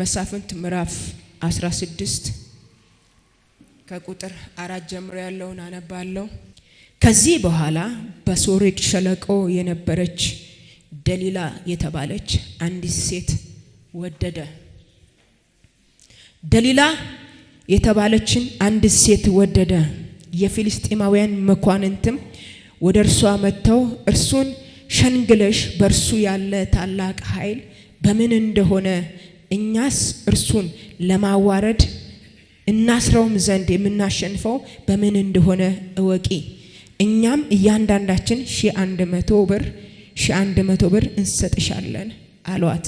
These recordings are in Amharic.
መሳፍንት ምዕራፍ 16 ከቁጥር አራት ጀምሮ ያለውን አነባለሁ። ከዚህ በኋላ በሶሬድ ሸለቆ የነበረች ደሊላ የተባለች አንዲት ሴት ወደደ። ደሊላ የተባለችን አንዲት ሴት ወደደ። የፊልስጤማውያን መኳንንትም ወደ እርሷ መጥተው እርሱን ሸንግለሽ በእርሱ ያለ ታላቅ ኃይል በምን እንደሆነ እኛስ እርሱን ለማዋረድ እናስረውም ዘንድ የምናሸንፈው በምን እንደሆነ እወቂ። እኛም እያንዳንዳችን ሺህ አንድ መቶ ብር ሺ አንድ መቶ ብር እንሰጥሻለን አሏት።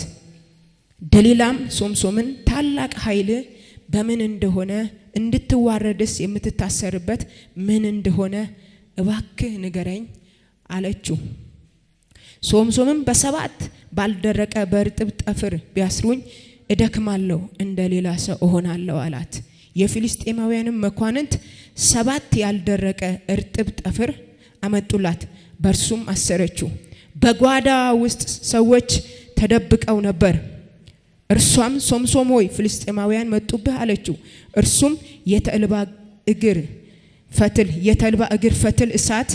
ደሊላም ሶምሶምን ታላቅ ኃይል በምን እንደሆነ እንድትዋረድስ የምትታሰርበት ምን እንደሆነ እባክህ ንገረኝ አለችው። ሶምሶምም በሰባት ባልደረቀ በእርጥብ ጠፍር ቢያስሩኝ እደክማለሁ እንደ ሌላ ሰው እሆናለሁ አላት። የፊልስጤማውያንም መኳንንት ሰባት ያልደረቀ እርጥብ ጠፍር አመጡላት፣ በእርሱም አሰረችው። በጓዳ ውስጥ ሰዎች ተደብቀው ነበር። እርሷም ሶምሶም ሆይ ፍልስጤማውያን መጡብህ አለችው። እርሱም የተልባ እግር ፈትል የተልባ እግር ፈትል እሳት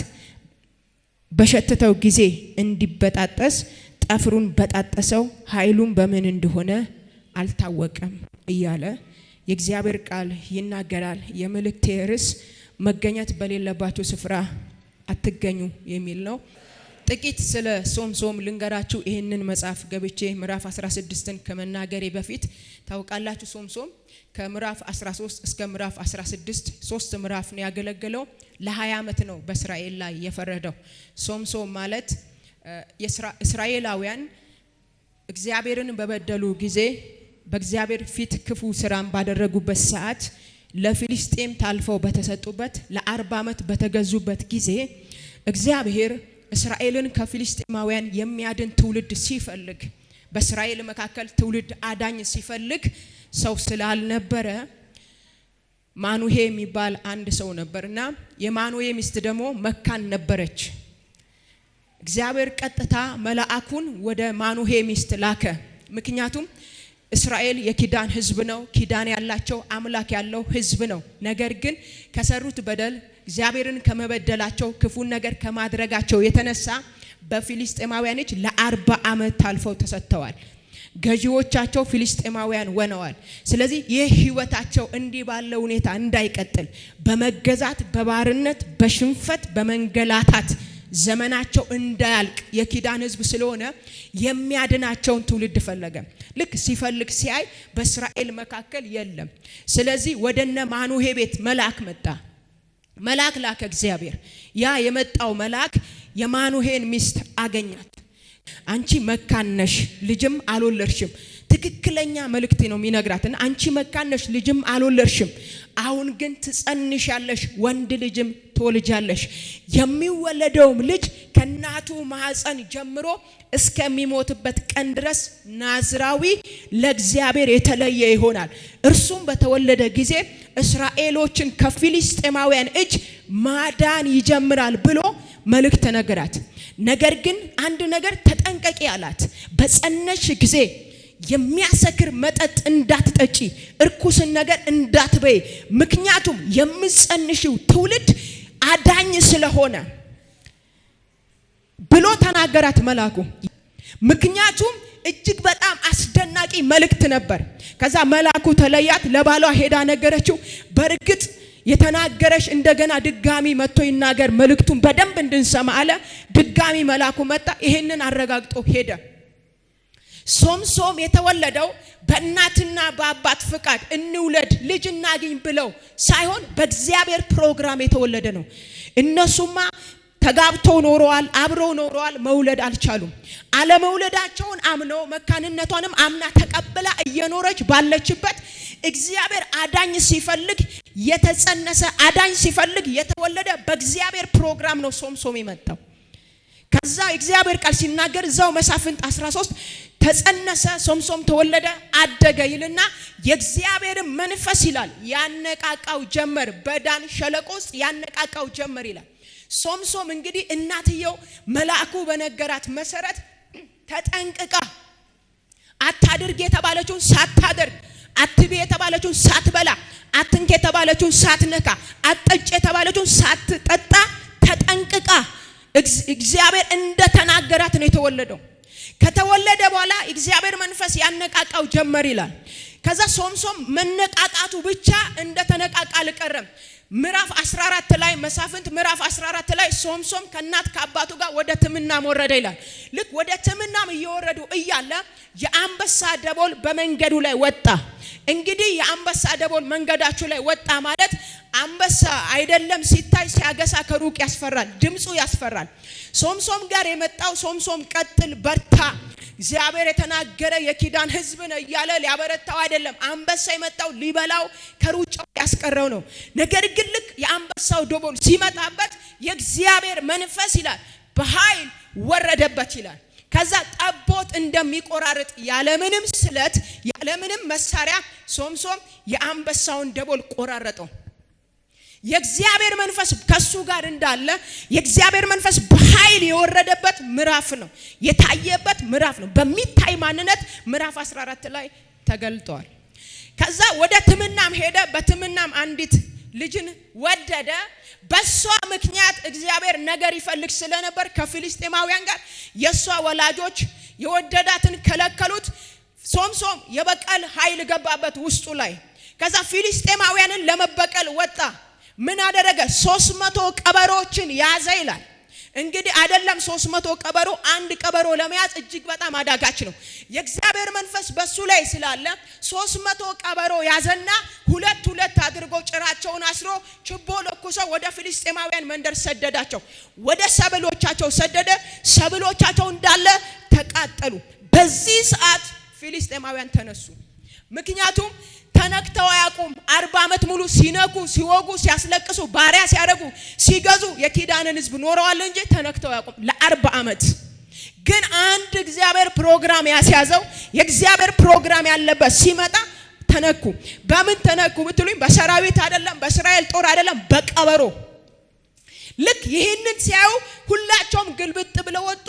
በሸተተው ጊዜ እንዲበጣጠስ ጠፍሩን በጣጠሰው። ኃይሉን በምን እንደሆነ አልታወቀም እያለ የእግዚአብሔር ቃል ይናገራል። የመልእክቴ ርዕስ መገኘት በሌለባቸው ስፍራ አትገኙ የሚል ነው። ጥቂት ስለ ሶምሶም ልንገራችሁ። ይህንን መጽሐፍ ገብቼ ምዕራፍ 16ን ከመናገሬ በፊት ታውቃላችሁ፣ ሶምሶም ከምዕራፍ 13 እስከ ምዕራፍ 16 ሶስት ምዕራፍ ነው ያገለገለው። ለ20 ዓመት ነው በእስራኤል ላይ የፈረደው። ሶምሶም ማለት እስራኤላውያን እግዚአብሔርን በበደሉ ጊዜ በእግዚአብሔር ፊት ክፉ ስራን ባደረጉበት ሰዓት ለፊልስጤም ታልፈው በተሰጡበት ለአርባ ዓመት በተገዙበት ጊዜ እግዚአብሔር እስራኤልን ከፊልስጤማውያን የሚያድን ትውልድ ሲፈልግ በእስራኤል መካከል ትውልድ አዳኝ ሲፈልግ ሰው ስላልነበረ ማኑሄ የሚባል አንድ ሰው ነበር እና የማኑሄ ሚስት ደግሞ መካን ነበረች። እግዚአብሔር ቀጥታ መልአኩን ወደ ማኑሄ ሚስት ላከ። ምክንያቱም እስራኤል የኪዳን ህዝብ ነው። ኪዳን ያላቸው አምላክ ያለው ህዝብ ነው። ነገር ግን ከሰሩት በደል እግዚአብሔርን ከመበደላቸው ክፉን ነገር ከማድረጋቸው የተነሳ በፊሊስጤማውያን እጅ ለአርባ ዓመት ታልፈው ተሰጥተዋል። ገዢዎቻቸው ፊሊስጤማውያን ሆነዋል። ስለዚህ ይህ ህይወታቸው እንዲህ ባለ ሁኔታ እንዳይቀጥል በመገዛት በባርነት በሽንፈት በመንገላታት ዘመናቸው እንዳያልቅ የኪዳን ህዝብ ስለሆነ የሚያድናቸውን ትውልድ ፈለገ። ልክ ሲፈልግ ሲያይ በእስራኤል መካከል የለም። ስለዚህ ወደነ ማኑሄ ቤት መልአክ መጣ። መልአክ ላከ እግዚአብሔር። ያ የመጣው መልአክ የማኑሄን ሚስት አገኛት። አንቺ መካነሽ ልጅም አልወለድሽም ትክክለኛ መልእክት ነው የሚነግራት እና አንቺ መካነሽ ልጅም አልወለድሽም፣ አሁን ግን ትጸንሻለሽ፣ ወንድ ልጅም ትወልጃለሽ። የሚወለደውም ልጅ ከእናቱ ማፀን ጀምሮ እስከሚሞትበት ቀን ድረስ ናዝራዊ ለእግዚአብሔር የተለየ ይሆናል። እርሱም በተወለደ ጊዜ እስራኤሎችን ከፊልስጤማውያን እጅ ማዳን ይጀምራል ብሎ መልእክት ነገራት። ነገር ግን አንድ ነገር ተጠንቀቂ አላት። በጸነሽ ጊዜ የሚያሰክር መጠጥ እንዳትጠጪ፣ እርኩስን ነገር እንዳትበይ። ምክንያቱም የምጸንሽው ትውልድ አዳኝ ስለሆነ ብሎ ተናገራት መልአኩ። ምክንያቱም እጅግ በጣም አስደናቂ መልእክት ነበር። ከዛ መልአኩ ተለያት፣ ለባሏ ሄዳ ነገረችው። በእርግጥ የተናገረሽ እንደገና ድጋሚ መጥቶ ይናገር፣ መልእክቱን በደንብ እንድንሰማ አለ። ድጋሚ መልአኩ መጣ፣ ይሄንን አረጋግጦ ሄደ። ሶም ሶም የተወለደው በእናትና በአባት ፍቃድ እንውለድ ልጅ እናግኝ ብለው ሳይሆን በእግዚአብሔር ፕሮግራም የተወለደ ነው። እነሱማ ተጋብተው ኖረዋል፣ አብረው ኖረዋል፣ መውለድ አልቻሉም። አለመውለዳቸውን አምኖ መካንነቷንም አምና ተቀብላ እየኖረች ባለችበት እግዚአብሔር አዳኝ ሲፈልግ የተጸነሰ አዳኝ ሲፈልግ የተወለደ በእግዚአብሔር ፕሮግራም ነው ሶም ሶም የመጣው። ከዛ እግዚአብሔር ቃል ሲናገር እዛው መሳፍንት 13 ተጸነሰ፣ ሶምሶም ተወለደ፣ አደገ ይልና የእግዚአብሔር መንፈስ ይላል ያነቃቃው ጀመር፣ በዳን ሸለቆ ውስጥ ያነቃቃው ጀመር ይላል። ሶምሶም እንግዲህ እናትየው መልአኩ በነገራት መሰረት ተጠንቅቃ አታድርግ የተባለችውን ሳታደርግ አትቤ የተባለችውን ሳትበላ አትንክ የተባለችውን ሳትነካ አትጠጭ የተባለችውን ሳትጠጣ ተጠንቅቃ እግዚአብሔር እንደተናገራት ነው የተወለደው። ከተወለደ በኋላ እግዚአብሔር መንፈስ ያነቃቃው ጀመር ይላል። ከዛ ሶምሶም መነቃቃቱ ብቻ እንደተነቃቃ አልቀረም። ምዕራፍ 14 ላይ መሳፍንት ምዕራፍ 14 ላይ ሶምሶም ከእናት ከአባቱ ጋር ወደ ትምናም ወረደ ይላል። ልክ ወደ ትምናም እየወረዱ እያለ የአንበሳ ደቦል በመንገዱ ላይ ወጣ። እንግዲህ የአንበሳ ደቦል መንገዳችሁ ላይ ወጣ ማለት አንበሳ አይደለም ሲታይ ሲያገሳ ከሩቅ ያስፈራል፣ ድምፁ ያስፈራል። ሶምሶም ጋር የመጣው ሶምሶም ቀጥል፣ በርታ እግዚአብሔር የተናገረ የኪዳን ሕዝብ ነው እያለ ሊያበረታው አይደለም። አንበሳ የመጣው ሊበላው ከሩጫው ያስቀረው ነው። ነገር ግን ልክ የአንበሳው ደቦል ሲመጣበት የእግዚአብሔር መንፈስ ይላል በኃይል ወረደበት ይላል። ከዛ ጠቦት እንደሚቆራርጥ ያለምንም ስለት ያለምንም መሳሪያ ሶምሶም የአንበሳውን ደቦል ቆራረጠው። የእግዚአብሔር መንፈስ ከሱ ጋር እንዳለ የእግዚአብሔር መንፈስ በኃይል የወረደበት ምዕራፍ ነው፣ የታየበት ምዕራፍ ነው። በሚታይ ማንነት ምዕራፍ 14 ላይ ተገልጧል። ከዛ ወደ ትምናም ሄደ። በትምናም አንዲት ልጅን ወደደ። በሷ ምክንያት እግዚአብሔር ነገር ይፈልግ ስለነበር ከፊልስጤማውያን ጋር የእሷ ወላጆች የወደዳትን ከለከሉት። ሶምሶም የበቀል ኃይል ገባበት ውስጡ ላይ። ከዛ ፊልስጤማውያንን ለመበቀል ወጣ። ምን አደረገ? ሶስት መቶ ቀበሮችን ያዘ ይላል እንግዲህ አይደለም ሶስት መቶ ቀበሮ አንድ ቀበሮ ለመያዝ እጅግ በጣም አዳጋች ነው። የእግዚአብሔር መንፈስ በሱ ላይ ስላለ ሶስት መቶ ቀበሮ ያዘና ሁለት ሁለት አድርጎ ጭራቸውን አስሮ ችቦ ለኩሶ ወደ ፊልስጤማውያን መንደር ሰደዳቸው። ወደ ሰብሎቻቸው ሰደደ። ሰብሎቻቸው እንዳለ ተቃጠሉ። በዚህ ሰዓት ፊልስጤማውያን ተነሱ። ምክንያቱም ተነክተው አያውቁም። አርባ ዓመት ሙሉ ሲነኩ፣ ሲወጉ፣ ሲያስለቅሱ፣ ባሪያ ሲያደርጉ፣ ሲገዙ የኪዳንን ህዝብ ኖረዋል እንጂ ተነክተው አያውቁም ለአርባ ዓመት። ግን አንድ እግዚአብሔር ፕሮግራም ያስያዘው የእግዚአብሔር ፕሮግራም ያለበት ሲመጣ ተነኩ። በምን ተነኩ ብትሉኝ በሰራዊት አይደለም፣ በእስራኤል ጦር አይደለም፣ በቀበሮ ልክ ይህንን ሲያዩ ሁላቸውም ግልብጥ ብለው ወጡ።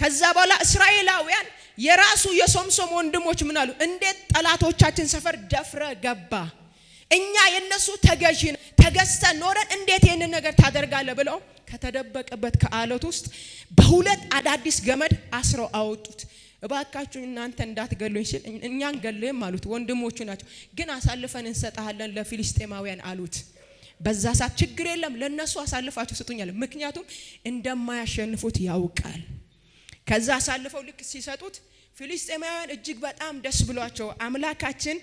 ከዛ በኋላ እስራኤላውያን የራሱ የሶምሶም ወንድሞች ምን አሉ? እንዴት ጠላቶቻችን ሰፈር ደፍረ ገባ? እኛ የነሱ ተገዢ ተገዝተን ኖረን እንዴት ይህንን ነገር ታደርጋለ? ብለው ከተደበቀበት ከአለት ውስጥ በሁለት አዳዲስ ገመድ አስረው አወጡት። እባካችሁ እናንተ እንዳትገሉኝ ሲል እኛን ገለም አሉት። ወንድሞቹ ናቸው ግን አሳልፈን እንሰጣለን ለፊልስጤማውያን አሉት። በዛ ሰዓት ችግር የለም ለእነሱ አሳልፋችሁ ስጡኛል፣ ምክንያቱም እንደማያሸንፉት ያውቃል። ከዛ አሳልፈው ልክ ሲሰጡት ፊልስጤማውያን እጅግ በጣም ደስ ብሏቸው አምላካችን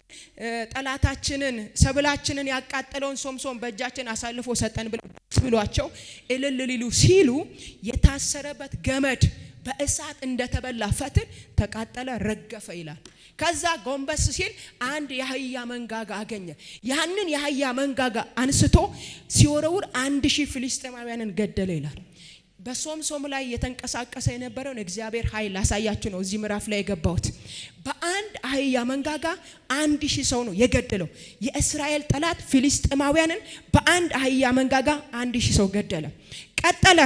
ጠላታችንን ሰብላችንን ያቃጠለውን ሶምሶን በእጃችን አሳልፎ ሰጠን ብለው ደስ ብሏቸው እልል ሊሉ ሲሉ የታሰረበት ገመድ በእሳት እንደተበላ ፈትል ተቃጠለ፣ ረገፈ ይላል። ከዛ ጎንበስ ሲል አንድ የአህያ መንጋጋ አገኘ። ያንን የአህያ መንጋጋ አንስቶ ሲወረውር አንድ ሺህ ፊልስጤማውያንን ገደለ ይላል። በሶምሶም ላይ የተንቀሳቀሰ የነበረውን እግዚአብሔር ኃይል ላሳያችሁ ነው እዚህ ምዕራፍ ላይ የገባሁት። በአንድ አህያ መንጋጋ አንድ ሺህ ሰው ነው የገደለው። የእስራኤል ጠላት ፊሊስጥማውያንን በአንድ አህያ መንጋጋ አንድ ሺህ ሰው ገደለ። ቀጠለ።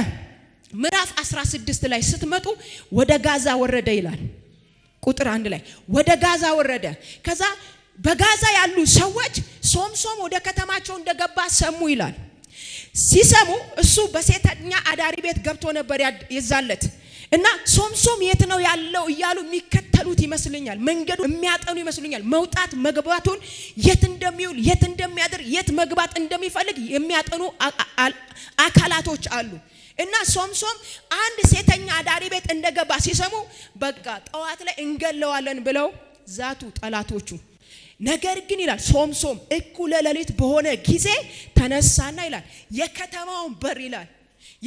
ምዕራፍ 16 ላይ ስትመጡ ወደ ጋዛ ወረደ ይላል። ቁጥር አንድ ላይ ወደ ጋዛ ወረደ። ከዛ በጋዛ ያሉ ሰዎች ሶምሶም ወደ ከተማቸው እንደገባ ሰሙ ይላል። ሲሰሙ እሱ በሴተኛ አዳሪ ቤት ገብቶ ነበር ይዛለት እና ሶምሶም የት ነው ያለው እያሉ የሚከተሉት ይመስልኛል። መንገዱ የሚያጠኑ ይመስልኛል። መውጣት መግባቱን፣ የት እንደሚውል፣ የት እንደሚያድር፣ የት መግባት እንደሚፈልግ የሚያጠኑ አካላቶች አሉ። እና ሶምሶም አንድ ሴተኛ አዳሪ ቤት እንደገባ ሲሰሙ በቃ ጠዋት ላይ እንገለዋለን ብለው ዛቱ ጠላቶቹ። ነገር ግን ይላል ሶም ሶም እኩለ ሌሊት በሆነ ጊዜ ተነሳና ይላል የከተማውን በር ይላል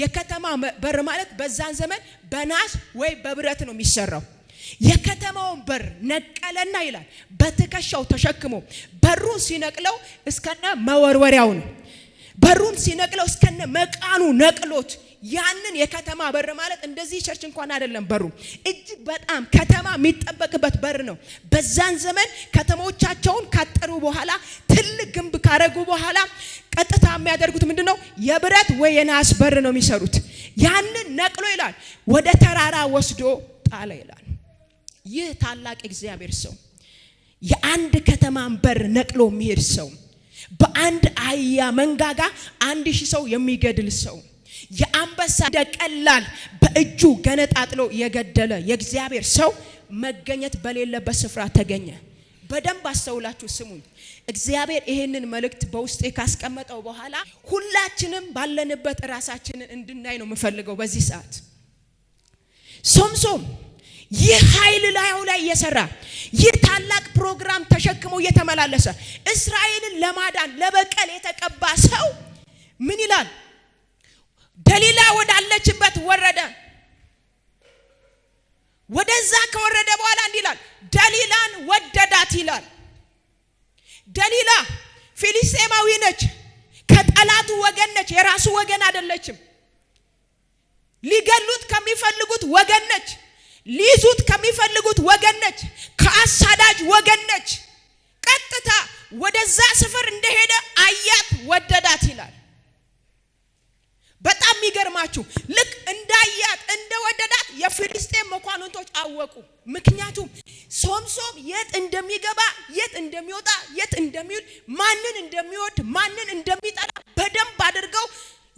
የከተማ በር ማለት በዛን ዘመን በናስ ወይ በብረት ነው የሚሰራው። የከተማውን በር ነቀለና ይላል በትከሻው ተሸክሞ በሩን ሲነቅለው እስከነ መወርወሪያው ነው። በሩን ሲነቅለው እስከነ መቃኑ ነቅሎት ያንን የከተማ በር ማለት እንደዚህ ቸርች እንኳን አይደለም። በሩ እጅግ በጣም ከተማ የሚጠበቅበት በር ነው። በዛን ዘመን ከተሞቻቸውን ካጠሩ በኋላ ትልቅ ግንብ ካረጉ በኋላ ቀጥታ የሚያደርጉት ምንድን ነው? የብረት ወይ የነሐስ በር ነው የሚሰሩት። ያንን ነቅሎ ይላል ወደ ተራራ ወስዶ ጣለ ይላል። ይህ ታላቅ እግዚአብሔር ሰው የአንድ ከተማን በር ነቅሎ የሚሄድ ሰው፣ በአንድ አህያ መንጋጋ አንድ ሺህ ሰው የሚገድል ሰው የአንበሳ ቀላል በእጁ ገነጣጥሎ የገደለ የእግዚአብሔር ሰው መገኘት በሌለበት ስፍራ ተገኘ። በደንብ አስተውላችሁ ስሙኝ። እግዚአብሔር ይሄንን መልእክት በውስጤ ካስቀመጠው በኋላ ሁላችንም ባለንበት ራሳችንን እንድናይ ነው የምፈልገው። በዚህ ሰዓት ሶምሶም ይህ ኃይል ላዩ ላይ እየሰራ ይህ ታላቅ ፕሮግራም ተሸክሞ እየተመላለሰ እስራኤልን ለማዳን ለበቀል የተቀባ ሰው ምን ይላል? ደሊላ ወዳለችበት ወረደ። ወደዛ ከወረደ በኋላ እንዲህ ደሊላን ወደዳት ይላል። ደሊላ ፊሊስጤማዊ ነች፣ ከጠላቱ ወገን ነች፣ የራሱ ወገን አይደለችም። ሊገሉት ከሚፈልጉት ወገን ነች፣ ሊይዙት ከሚፈልጉት ወገን ነች፣ ከአሳዳጅ ወገን ነች። ቀጥታ ወደዛ ስፍር እንደሄደ ልንገራችሁ፣ ልክ እንዳያት እንደወደዳት የፊልስጤም መኳንንቶች አወቁ። ምክንያቱም ሶምሶም የት እንደሚገባ፣ የት እንደሚወጣ፣ የት እንደሚውል፣ ማንን እንደሚወድ፣ ማንን እንደሚጠላ በደንብ አድርገው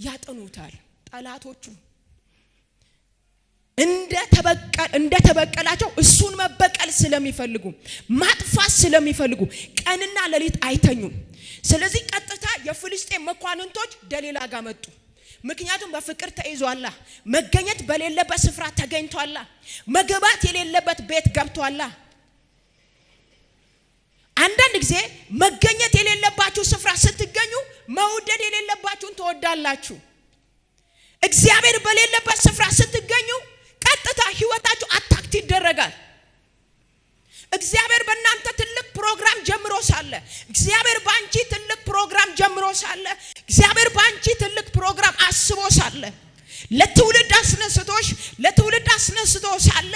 ያጠኑታል። ጠላቶቹ እንደተበቀላቸው እሱን መበቀል ስለሚፈልጉ ማጥፋት ስለሚፈልጉ ቀንና ሌሊት አይተኙም። ስለዚህ ቀጥታ የፊልስጤም መኳንንቶች ደሊላ ጋር መጡ። ምክንያቱም በፍቅር ተይዟላ። መገኘት በሌለበት ስፍራ ተገኝቷላ። መግባት የሌለበት ቤት ገብቷላ። አንዳንድ ጊዜ መገኘት የሌለባችሁ ስፍራ ስትገኙ መውደድ የሌለባችሁን ትወዳላችሁ። እግዚአብሔር በሌለበት ስፍራ ስትገኙ ቀጥታ ህይወታችሁ አታክት ይደረጋል። እግዚአብሔር በእናንተ ትልቅ ፕሮግራም ጀምሮ ሳለ እግዚአብሔር በአንቺ ትልቅ ፕሮግራም ጀምሮ ሳለ እግዚአብሔር በአንቺ ትልቅ ፕሮግራም አስቦ ሳለ ለትውልድ አስነስቶሽ ለትውልድ አስነስቶ ሳለ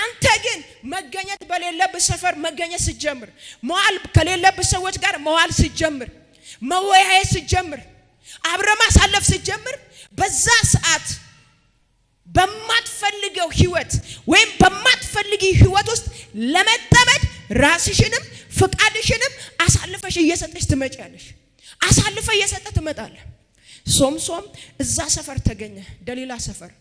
አንተ ግን መገኘት በሌለብህ ሰፈር መገኘት ስጀምር፣ መዋል ከሌለብህ ሰዎች ጋር መዋል ስጀምር፣ መወያየት ስጀምር፣ አብረ ማሳለፍ ስጀምር በዛ ሰዓት በማትፈልገው ህይወት ወይም በማትፈልግ ህይወት ውስጥ ለመጠመድ ራስሽንም ፍቃድሽንም አሳልፈሽ እየሰጠሽ ትመጪያለሽ። አሳልፈ እየሰጠ ትመጣለ። ሶም ሶም እዛ ሰፈር ተገኘ፣ ደሊላ ሰፈር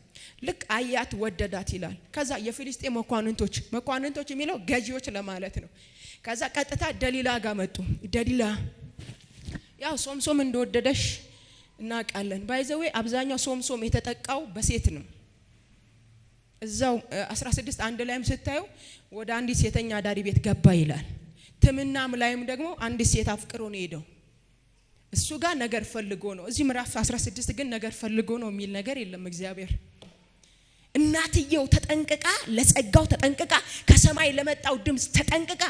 ልክ አያት ወደዳት ይላል። ከዛ የፊልስጤ መኳንንቶች መኳንንቶች የሚለው ገዢዎች ለማለት ነው። ከዛ ቀጥታ ደሊላ ጋር መጡ። ደሊላ ያው ሶም ሶም እንደወደደሽ እናውቃለን። ባይዘዌ አብዛኛው ሶም ሶም የተጠቃው በሴት ነው። እዛው 16 አንድ ላይም ስታዩ ወደ አንዲት ሴተኛ አዳሪ ቤት ገባ ይላል። ትምናም ላይም ደግሞ አንዲት ሴት አፍቅሮ ነው ሄደው እሱ ጋር ነገር ፈልጎ ነው። እዚህ ምዕራፍ 16 ግን ነገር ፈልጎ ነው የሚል ነገር የለም። እግዚአብሔር እናትየው ተጠንቅቃ፣ ለጸጋው ተጠንቅቃ፣ ከሰማይ ለመጣው ድምፅ ተጠንቅቃ፣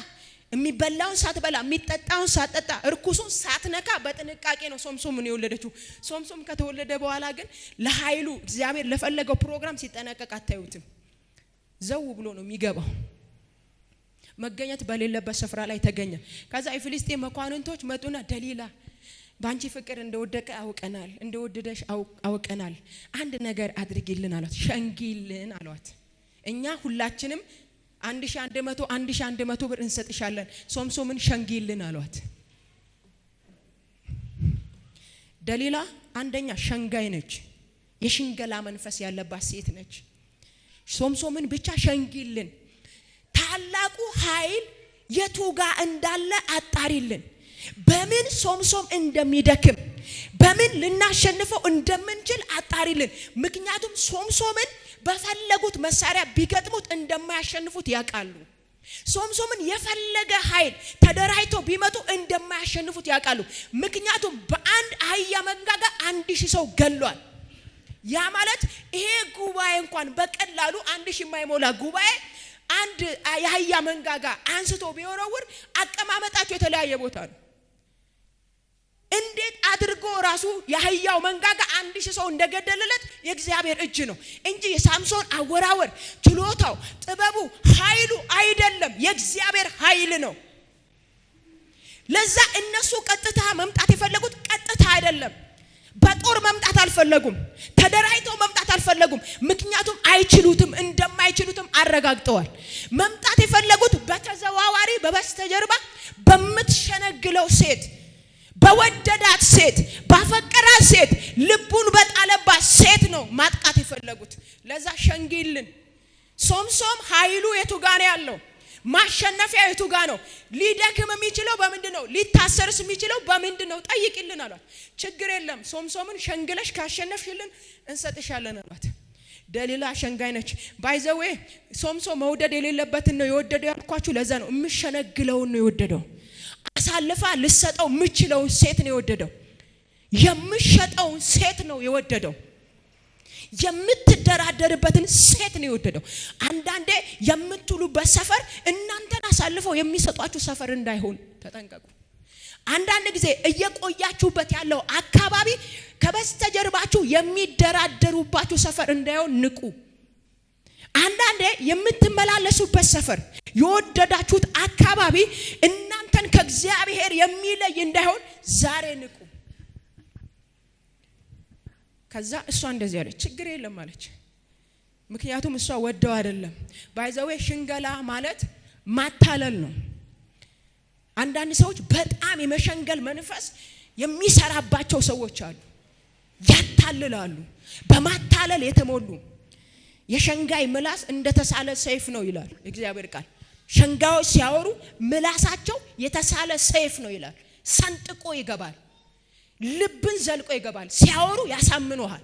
የሚበላውን ሳትበላ የሚጠጣውን ሳትጠጣ እርኩሱን ሳትነካ በጥንቃቄ ነው ሶምሶምን የወለደችው። ሶምሶም ከተወለደ በኋላ ግን ለኃይሉ እግዚአብሔር ለፈለገው ፕሮግራም ሲጠነቀቅ አታዩትም። ዘው ብሎ ነው የሚገባው። መገኘት በሌለበት ስፍራ ላይ ተገኘ። ከዛ የፊልስጤን መኳንንቶች መጡና ደሊላ በአንቺ ፍቅር እንደወደቀ አውቀናል፣ እንደወደደሽ አውቀናል። አንድ ነገር አድርጊልን አሏት፣ ሸንጊልን አሏት። እኛ ሁላችንም አንድ ሺ አንድ መቶ አንድ ሺ አንድ መቶ ብር እንሰጥሻለን፣ ሶምሶምን ሸንጊልን አሏት። ደሊላ አንደኛ ሸንጋይ ነች፣ የሽንገላ መንፈስ ያለባት ሴት ነች። ሶምሶምን ብቻ ሸንጊልን፣ ታላቁ ኃይል የቱ ጋ እንዳለ አጣሪልን በምን ሶምሶም እንደሚደክም በምን ልናሸንፈው እንደምንችል አጣሪልን። ምክንያቱም ሶምሶምን በፈለጉት መሳሪያ ቢገጥሙት እንደማያሸንፉት ያውቃሉ። ሶምሶምን የፈለገ ኃይል ተደራጅተው ቢመጡ እንደማያሸንፉት ያውቃሉ። ምክንያቱም በአንድ አህያ መንጋጋ አንድ ሺህ ሰው ገሏል። ያ ማለት ይሄ ጉባኤ እንኳን በቀላሉ አንድ ሺህ የማይሞላ ጉባኤ አንድ የአህያ መንጋጋ አንስቶ ቢወረውር አቀማመጣቸው የተለያየ ቦታ ነው። ራሱ የአህያው መንጋጋ አንድ ሺህ ሰው እንደገደለለት የእግዚአብሔር እጅ ነው እንጂ የሳምሶን አወራወር፣ ችሎታው፣ ጥበቡ፣ ኃይሉ አይደለም። የእግዚአብሔር ኃይል ነው። ለዛ እነሱ ቀጥታ መምጣት የፈለጉት ቀጥታ አይደለም። በጦር መምጣት አልፈለጉም። ተደራጅተው መምጣት አልፈለጉም። ምክንያቱም አይችሉትም፣ እንደማይችሉትም አረጋግጠዋል። መምጣት የፈለጉት በተዘዋዋሪ በበስተጀርባ በምትሸነግለው ሴት በወደዳት ሴት ባፈቀራት ሴት ልቡን በጣለባት ሴት ነው ማጥቃት የፈለጉት። ለዛ ሸንጊልን ሶምሶም ኃይሉ የቱ ጋ ነው ያለው? ማሸነፊያ የቱ ጋ ነው? ሊደክም የሚችለው በምንድ ነው? ሊታሰርስ የሚችለው በምንድ ነው? ጠይቂልን አሏት። ችግር የለም ሶምሶምን ሸንግለሽ ካሸነፍሽልን እንሰጥሻለን አሏት። ደሊላ ሸንጋይ ነች። ባይዘዌ ሶምሶ መውደድ የሌለበትን ነው የወደደው ያልኳችሁ። ለዛ ነው የምሸነግለውን ነው የወደደው አሳልፋ ልሰጠው የምችለውን ሴት ነው የወደደው። የምሸጠውን ሴት ነው የወደደው። የምትደራደርበትን ሴት ነው የወደደው። አንዳንዴ የምትውሉበት ሰፈር እናንተን አሳልፈው የሚሰጧችሁ ሰፈር እንዳይሆን ተጠንቀቁ። አንዳንድ ጊዜ እየቆያችሁበት ያለው አካባቢ ከበስተጀርባችሁ የሚደራደሩባችሁ ሰፈር እንዳይሆን ንቁ። አንዳንዴ የምትመላለሱበት ሰፈር የወደዳችሁት አካባቢ እና ከእግዚአብሔር የሚለይ እንዳይሆን ዛሬ ንቁ። ከዛ እሷ እንደዚህ አለች፣ ችግር የለም ማለች ምክንያቱም እሷ ወደው አይደለም። ባይዘዌ ሽንገላ ማለት ማታለል ነው። አንዳንድ ሰዎች በጣም የመሸንገል መንፈስ የሚሰራባቸው ሰዎች አሉ። ያታልላሉ፣ በማታለል የተሞሉ የሸንጋይ ምላስ እንደተሳለ ሰይፍ ነው ይላል እግዚአብሔር ቃል። ሸንጋዮች ሲያወሩ ምላሳቸው የተሳለ ሰይፍ ነው ይላል። ሰንጥቆ ይገባል፣ ልብን ዘልቆ ይገባል። ሲያወሩ ያሳምኑሃል።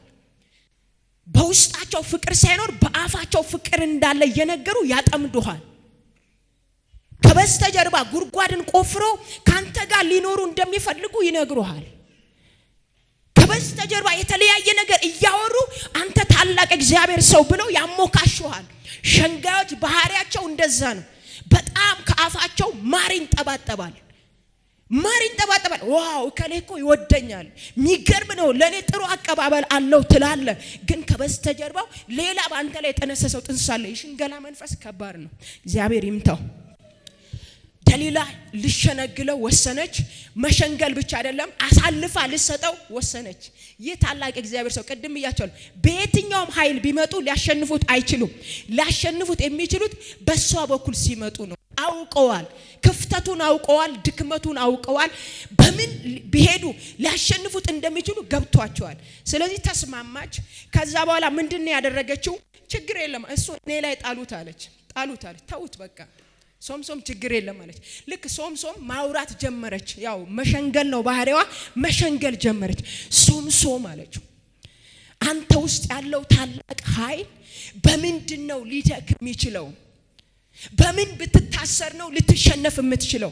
በውስጣቸው ፍቅር ሳይኖር በአፋቸው ፍቅር እንዳለ እየነገሩ ያጠምዱሃል። ከበስተጀርባ ጉድጓድን ቆፍሮ ካንተ ጋር ሊኖሩ እንደሚፈልጉ ይነግሩሃል። ከበስተጀርባ የተለያየ ነገር እያወሩ አንተ ታላቅ እግዚአብሔር ሰው ብለው ያሞካሹሃል። ሸንጋዮች ባህሪያቸው እንደዛ ነው። በጣም ከአፋቸው ማር ይንጠባጠባል ማር ይንጠባጠባል። ዋው እከሌ እኮ ይወደኛል፣ የሚገርም ነው፣ ለእኔ ጥሩ አቀባበል አለው ትላለ። ግን ከበስተጀርባው ሌላ በአንተ ላይ የጠነሰሰው አለ የሽንገላ መንፈስ ከባድ ነው። እግዚአብሔር ይምታው። ከሌላ ልሸነግለው ወሰነች። መሸንገል ብቻ አይደለም፣ አሳልፋ ልሰጠው ወሰነች። ይህ ታላቅ እግዚአብሔር ሰው ቅድም እያቸዋል። በየትኛውም ኃይል ቢመጡ ሊያሸንፉት አይችሉም። ሊያሸንፉት የሚችሉት በእሷ በኩል ሲመጡ ነው። አውቀዋል፣ ክፍተቱን አውቀዋል፣ ድክመቱን አውቀዋል። በምን ቢሄዱ ሊያሸንፉት እንደሚችሉ ገብቷቸዋል። ስለዚህ ተስማማች። ከዛ በኋላ ምንድን ነው ያደረገችው? ችግር የለም እሱ እኔ ላይ ጣሉት አለች። ጣሉት አለች። ተዉት በቃ ሶም ሶም ችግር የለም አለች። ልክ ሶም ሶም ማውራት ጀመረች። ያው መሸንገል ነው ባህሪዋ፣ መሸንገል ጀመረች። ሶም ሶም አለችው አንተ ውስጥ ያለው ታላቅ ኃይል በምንድን ነው ሊደክ የሚችለው? በምን ብትታሰር ነው ልትሸነፍ የምትችለው?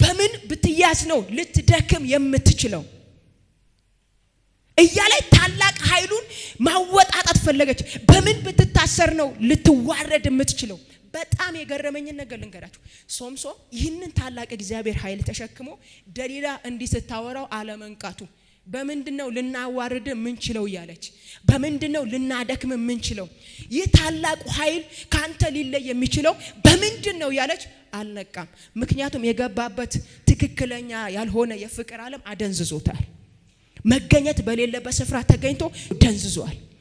በምን ብትያዝ ነው ልትደክም የምትችለው? እያላይ ታላቅ ኃይሉን ማወጣጣት ፈለገች። በምን ብትታሰር ነው ልትዋረድ የምትችለው? በጣም የገረመኝን ነገር ልንገራችሁ። ሶምሶን ይህንን ታላቅ እግዚአብሔር ኃይል ተሸክሞ ደሊላ እንዲህ ስታወራው አለመንቃቱ በምንድን ነው ልናዋርድ የምንችለው እያለች፣ በምንድን ነው ልናደክም የምንችለው? ይህ ታላቁ ኃይል ካንተ ሊለይ የሚችለው በምንድን ነው እያለች አልነቃም። ምክንያቱም የገባበት ትክክለኛ ያልሆነ የፍቅር ዓለም አደንዝዞታል። መገኘት በሌለበት ስፍራ ተገኝቶ ደንዝዟል።